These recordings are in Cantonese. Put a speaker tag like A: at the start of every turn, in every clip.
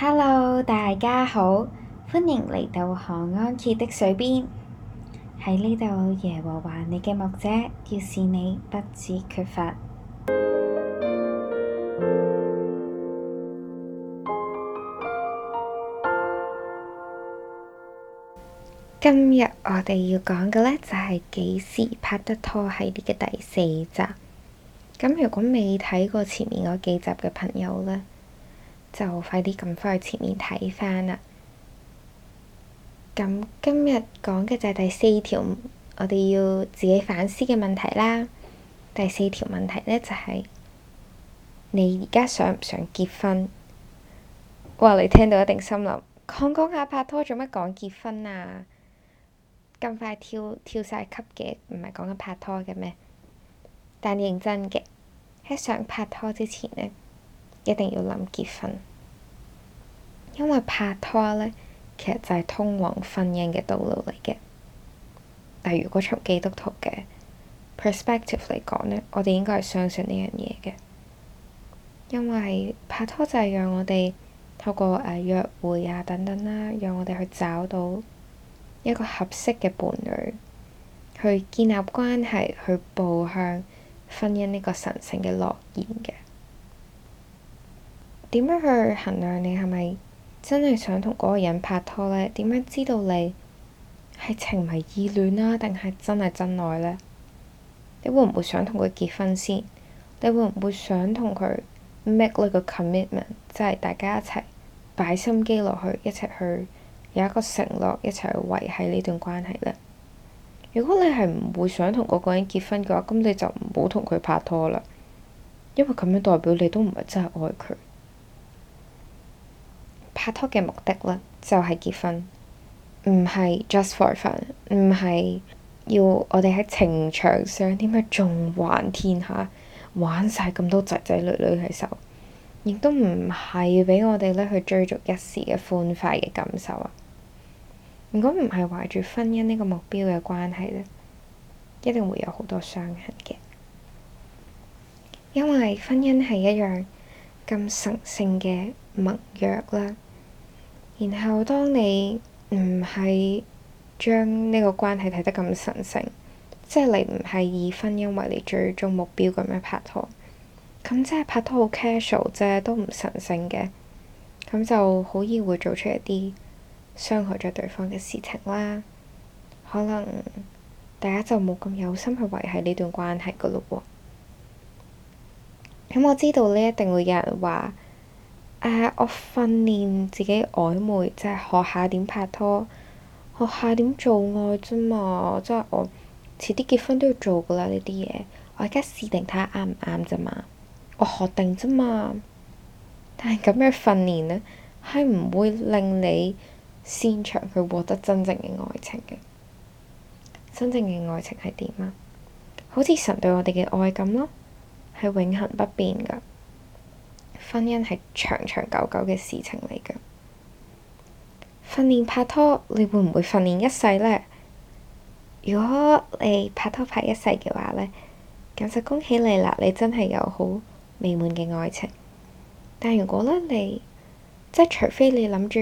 A: 哈嘍，Hello, 大家好，歡迎嚟到可安歇的水邊。喺呢度，耶和華你嘅牧者，要是你不至缺乏。今日我哋要講嘅呢，就係、是、幾時拍得拖系列嘅第四集。咁如果未睇過前面嗰幾集嘅朋友呢，就快啲撳翻去前面睇翻啦。咁今日講嘅就係第四條，我哋要自己反思嘅問題啦。第四條問題咧就係你而家想唔想結婚？哇！你聽到一定心諗，講講下拍拖，做乜講結婚啊？咁快跳跳晒級嘅，唔係講緊拍拖嘅咩？但認真嘅，喺想拍拖之前咧，一定要諗結婚，因為拍拖咧，其實就係通往婚姻嘅道路嚟嘅。但如果從基督徒嘅 perspective 嚟講咧，我哋應該係相信呢樣嘢嘅，因為拍拖就係讓我哋透過誒約會啊等等啦，讓我哋去找到一個合適嘅伴侶，去建立關係，去步向婚姻呢個神聖嘅諾言嘅。點樣去衡量你係咪真係想同嗰個人拍拖咧？點樣知道你係情迷意亂啦、啊，定係真係真愛咧？你會唔會想同佢結婚先？你會唔會想同佢 make 呢、like、個 commitment，即係大家一齊擺心機落去，一齊去有一個承諾，一齊去維係呢段關係咧？如果你係唔會想同嗰個人結婚嘅話，咁你就唔好同佢拍拖啦，因為咁樣代表你都唔係真係愛佢。拍拖嘅目的咧就係結婚，唔係 just for fun，唔係要我哋喺情場上點去縱橫天下，玩晒咁多仔仔女女嘅手，亦都唔係要俾我哋咧去追逐一時嘅歡快嘅感受啊。如果唔係懷住婚姻呢個目標嘅關係咧，一定會有好多傷痕嘅，因為婚姻係一樣咁神聖嘅盟約啦。然後，當你唔係將呢個關係睇得咁神聖，即係你唔係以婚姻為你最終目標咁樣拍拖，咁即係拍拖好 casual 啫，都唔神聖嘅，咁就好易會做出一啲傷害咗對方嘅事情啦，可能大家就冇咁有，有心去維係呢段關係㗎咯喎。咁我知道呢一定會有人話。誒，uh, 我訓練自己曖昧，即係學下點拍拖，學下點做愛啫嘛，即係我遲啲結婚都要做㗎喇呢啲嘢，我而家試定睇下啱唔啱啫嘛，我學定啫嘛。但係咁樣訓練咧，係唔會令你擅長去獲得真正嘅愛情嘅。真正嘅愛情係點啊？好似神對我哋嘅愛咁咯，係永恆不變㗎。婚姻係長長久久嘅事情嚟㗎。訓練拍拖，你會唔會訓練一世咧？如果你拍拖拍一世嘅話咧，咁就恭喜你啦！你真係有好美滿嘅愛情。但如果咧你即係，除非你諗住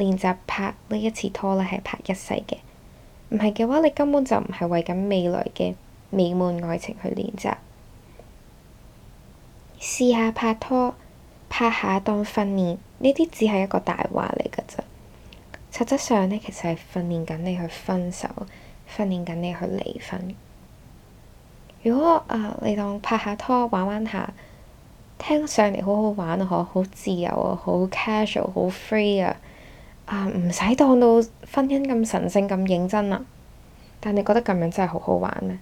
A: 練習拍呢一次拖咧，係拍一世嘅。唔係嘅話，你根本就唔係為緊未來嘅美滿愛情去練習。試下拍拖。拍下當訓練呢啲只係一個大話嚟㗎咋，實質上呢，其實係訓練緊你去分手，訓練緊你去離婚。如果啊、呃，你當拍下拖玩玩下，聽上嚟好好玩啊，呵，好自由啊，好 casual，好 free 啊，啊唔使當到婚姻咁神聖，咁認真啊。但你覺得咁樣真係好好玩咩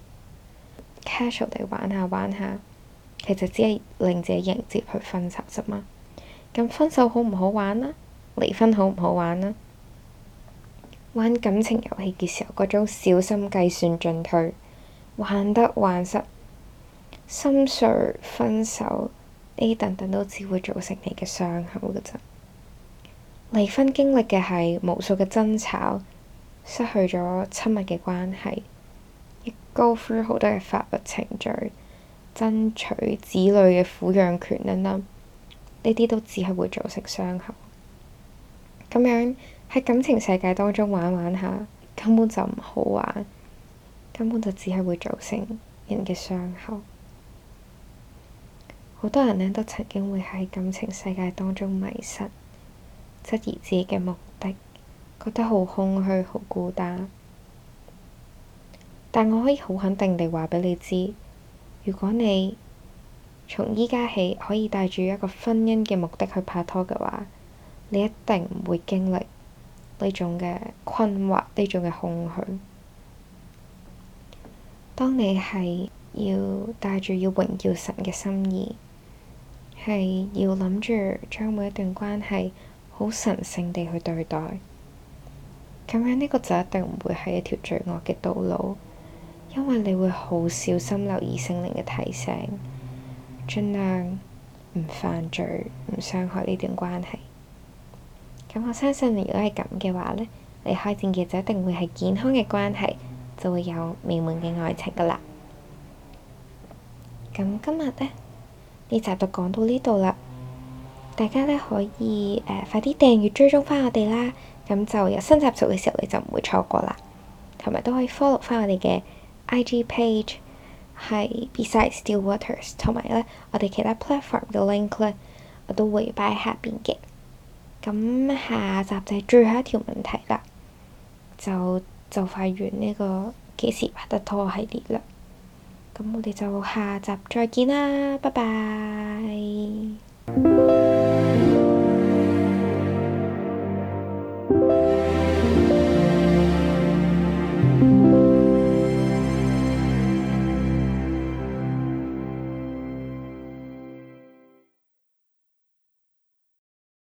A: ？Casual 地玩下玩下。其實只係令自己迎接去分手啫嘛。咁分手好唔好玩啊？離婚好唔好玩啊？玩感情遊戲嘅時候，嗰種小心計算進退、患得患失、心碎、分手呢等等，都只會造成你嘅傷口嘅咋。離婚經歷嘅係無數嘅爭吵，失去咗親密嘅關係，要 go through 好多嘅法律程序。爭取子女嘅撫養權等等，呢啲都只係會造成傷口。咁樣喺感情世界當中玩玩下，根本就唔好玩，根本就只係會造成人嘅傷口。好多人呢都曾經會喺感情世界當中迷失，質疑自己嘅目的，覺得好空虛、好孤單。但我可以好肯定地話俾你知。如果你從而家起可以帶住一個婚姻嘅目的去拍拖嘅話，你一定唔會經歷呢種嘅困惑、呢種嘅空虛。當你係要帶住要榮耀神嘅心意，係要諗住將每一段關係好神聖地去對待，咁樣呢個就一定唔會係一條罪惡嘅道路。因為你會好小心留意聖靈嘅提醒，盡量唔犯罪，唔傷害呢段關係。咁我相信，如果係咁嘅話呢，你開展嘅就一定會係健康嘅關係，就會有美滿嘅愛情噶啦。咁今日呢，呢集就講到呢度啦。大家咧可以誒、呃、快啲訂閱追蹤翻我哋啦，咁就有新集數嘅時候你就唔會錯過啦，同埋都可以 follow 翻我哋嘅。IG page 係 Beside Still Waters，同埋咧我哋其他 platform 嘅 link 咧我都會擺喺下邊嘅。咁下集就最後一條問題啦，就就快完呢個幾時拍得拖系列啦。咁我哋就下集再見啦，拜拜。